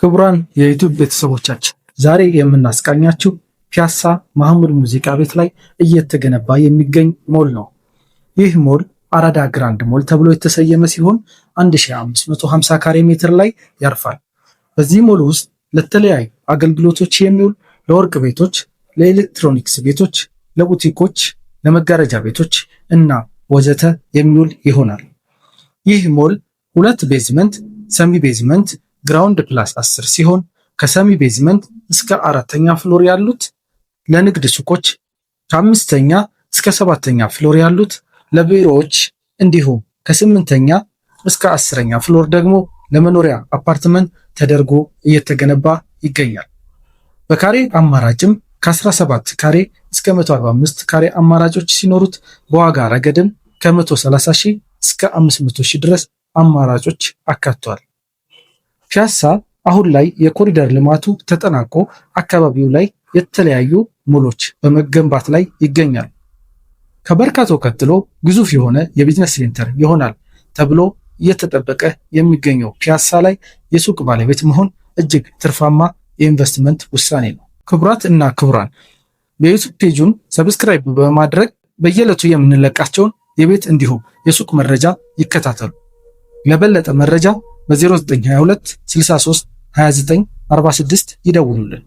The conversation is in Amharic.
ክቡራን የዩቱብ ቤተሰቦቻችን ዛሬ የምናስቃኛችሁ ፒያሳ ማህሙድ ሙዚቃ ቤት ላይ እየተገነባ የሚገኝ ሞል ነው። ይህ ሞል አራዳ ግራንድ ሞል ተብሎ የተሰየመ ሲሆን 1550 ካሬ ሜትር ላይ ያርፋል። በዚህ ሞል ውስጥ ለተለያዩ አገልግሎቶች የሚውል ለወርቅ ቤቶች፣ ለኤሌክትሮኒክስ ቤቶች፣ ለቡቲኮች፣ ለመጋረጃ ቤቶች እና ወዘተ የሚውል ይሆናል። ይህ ሞል ሁለት ቤዝመንት፣ ሰሚ ቤዝመንት ግራውንድ ፕላስ 10 ሲሆን ከሰሚ ቤዝመንት እስከ አራተኛ ፍሎር ያሉት ለንግድ ሱቆች፣ ከአምስተኛ እስከ ሰባተኛ ፍሎር ያሉት ለቢሮዎች እንዲሁም ከስምንተኛ እስከ አስረኛ ፍሎር ደግሞ ለመኖሪያ አፓርትመንት ተደርጎ እየተገነባ ይገኛል። በካሬ አማራጭም ከ17 ካሬ እስከ 145 ካሬ አማራጮች ሲኖሩት በዋጋ ረገድም ከ130 ሺህ እስከ 500 ሺህ ድረስ አማራጮች አካቷል። ፒያሳ አሁን ላይ የኮሪደር ልማቱ ተጠናቆ አካባቢው ላይ የተለያዩ ሞሎች በመገንባት ላይ ይገኛል። ከበርካቶ ቀጥሎ ግዙፍ የሆነ የቢዝነስ ሴንተር ይሆናል ተብሎ እየተጠበቀ የሚገኘው ፒያሳ ላይ የሱቅ ባለቤት መሆን እጅግ ትርፋማ የኢንቨስትመንት ውሳኔ ነው። ክቡራት እና ክቡራን የዩቱብ ፔጁን ሰብስክራይብ በማድረግ በየዕለቱ የምንለቃቸውን የቤት እንዲሁም የሱቅ መረጃ ይከታተሉ። ለበለጠ መረጃ በ0922 63 29 46 ይደውሉልን።